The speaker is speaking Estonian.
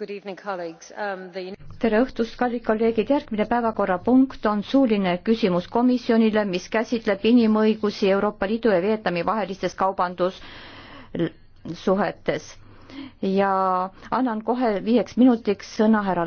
Um, tere õhtust, kallid kolleegid, järgmine päevakorrapunkt on suuline küsimus komisjonile, mis käsitleb inimõigusi Euroopa Liidu ja Vietnami vahelistes kaubandussuhetes ja annan kohe viieks minutiks sõna härra